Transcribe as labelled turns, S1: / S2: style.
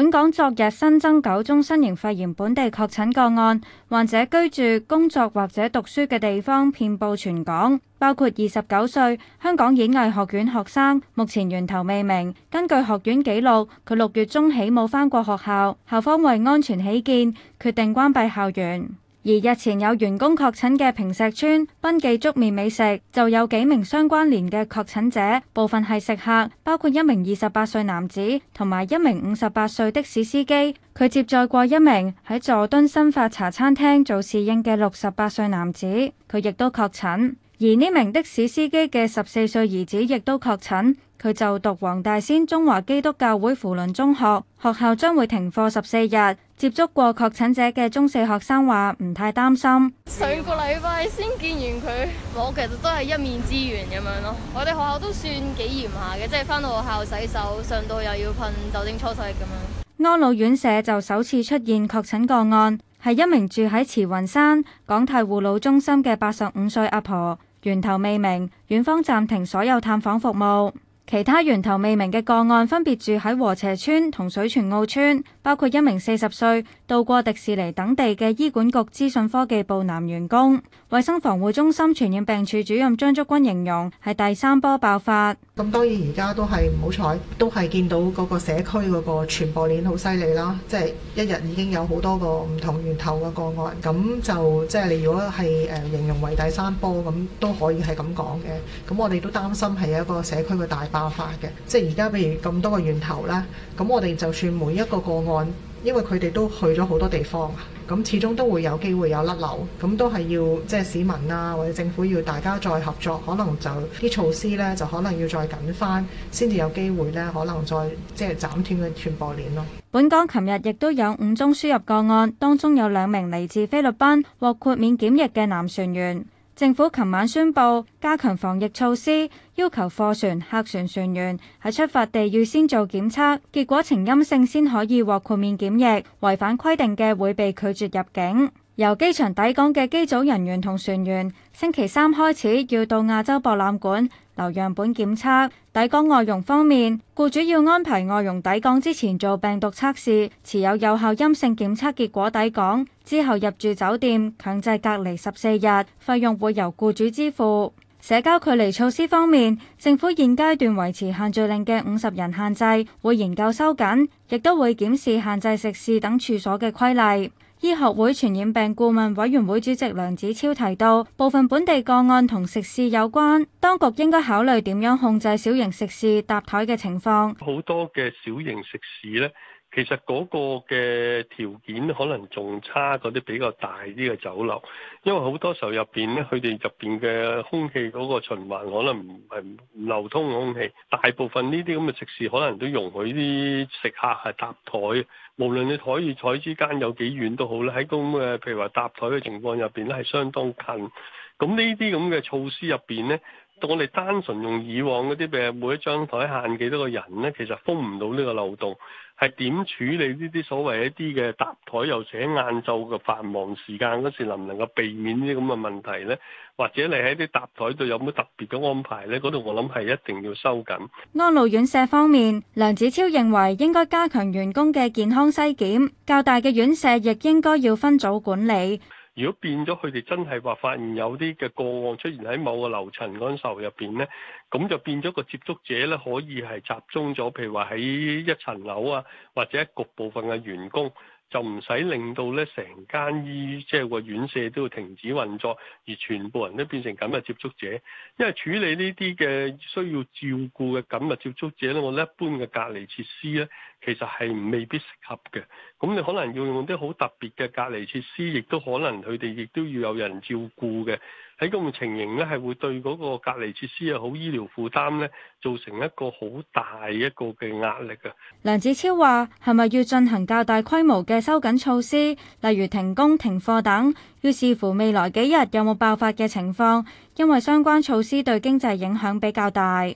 S1: 本港昨日新增九宗新型肺炎本地確診個案，患者居住、工作或者讀書嘅地方遍佈全港，包括二十九歲香港演藝學院學生，目前源頭未明。根據學院記錄，佢六月中起冇返過學校，校方為安全起見，決定關閉校園。而日前有員工確診嘅坪石邨、賓記粥麵美食，就有幾名相關連嘅確診者，部分係食客，包括一名二十八歲男子同埋一名五十八歲的士司機。佢接載過一名喺佐敦新發茶餐廳做侍應嘅六十八歲男子，佢亦都確診。而呢名的士司機嘅十四歲兒子亦都確診。佢就讀黃大仙中華基督教會扶輪中學，學校將會停課十四日。接觸過確診者嘅中四學生話唔太擔心。上個禮拜先見完佢，我其實都係一面之緣咁樣咯。我哋學校都算幾嚴下嘅，即係翻到學校洗手，上到又要噴酒精搓手液咁樣。安老院舍就首次出現確診個案，係一名住喺慈雲山港泰護老中心嘅八十五歲阿婆，源頭未明，院方暫停所有探訪服務。其他源頭未明嘅個案分別住喺禾輋邨同水泉澳邨，包括一名四十歲到過迪士尼等地嘅醫管局資訊科技部男員工。衛生防護中心傳染病處主任張竹君形容係第三波
S2: 爆發。咁當然而家都係唔好彩，都係見到嗰個社區嗰個傳播鏈好犀利啦，即係一日已經有好多個唔同源頭嘅個案，咁就即係你如果係誒形容為第三波咁都可以係咁講嘅。咁我哋都擔心係一個社區嘅大爆。爆發嘅，即係而家譬如咁多個源頭啦，咁我哋就算每一個個案，因為佢哋都去咗好多地方，咁始終都會有機會有甩漏，咁都係要即係市民啊或者政府要大家再合作，可能就啲措施咧就可能要再緊翻，先至有機會咧可能再即係斬斷嘅傳播鏈咯。
S1: 本港琴日亦都有五宗輸入個案，當中有兩名嚟自菲律賓獲豁免檢疫嘅男船員。政府琴晚宣布加強防疫措施，要求貨船、客船船員喺出發地預先做檢測，結果呈陰性先可以獲豁免檢疫，違反規定嘅會被拒絕入境。由機場抵港嘅機組人員同船員，星期三開始要到亞洲博覽館留樣本檢測。抵港外傭方面，僱主要安排外傭抵港之前做病毒測試，持有有效陰性檢測結果抵港之後入住酒店，強制隔離十四日，費用會由僱主支付。社交距離措施方面，政府現階段維持限聚令嘅五十人限制，會研究收緊，亦都會檢視限制食肆等處所嘅規例。醫學會傳染病顧問委員會主席梁子超提到，部分本地個案同食肆有關，當局應該考慮點樣控制小型食肆搭枱嘅情況。
S3: 好多嘅小型食肆呢。其實嗰個嘅條件可能仲差嗰啲比較大啲嘅酒樓，因為好多時候入邊咧，佢哋入邊嘅空氣嗰個循環可能唔係流通空氣，大部分呢啲咁嘅食肆可能都容許啲食客係搭枱，無論你枱與枱之間有幾遠都好啦。喺咁嘅譬如話搭枱嘅情況入邊咧係相當近，咁呢啲咁嘅措施入邊咧。我哋單純用以往嗰啲，譬如每一張枱限幾多個人呢？其實封唔到呢個漏洞。係點處理呢啲所謂一啲嘅搭枱尤其晏晝嘅繁忙時間嗰時，能唔能夠避免呢啲咁嘅問題呢？或者你喺啲搭枱度有冇特別嘅安排呢？嗰度我諗係一定要收緊。
S1: 安老院舍方面，梁子超認為應該加強員工嘅健康篩檢，較大嘅院舍亦應該要分組管理。
S3: 如果變咗佢哋真係話發現有啲嘅個案出現喺某個樓層嗰時候入邊呢，咁就變咗個接觸者呢，可以係集中咗，譬如話喺一層樓啊，或者一局部份嘅員工。就唔使令到咧成間醫即係個院舍都要停止運作，而全部人都變成緊密接觸者。因為處理呢啲嘅需要照顧嘅緊密接觸者咧，我覺得一般嘅隔離設施咧，其實係未必適合嘅。咁你可能要用啲好特別嘅隔離設施，亦都可能佢哋亦都要有人照顧嘅。喺咁嘅情形咧，係會對嗰個隔離設施又好醫療負擔咧，造成一個好大一個嘅壓力啊。
S1: 梁子超話，係咪要進行較大規模嘅收緊措施，例如停工、停課等，要視乎未來幾日有冇爆發嘅情況，因為相關措施對經濟影響比較大。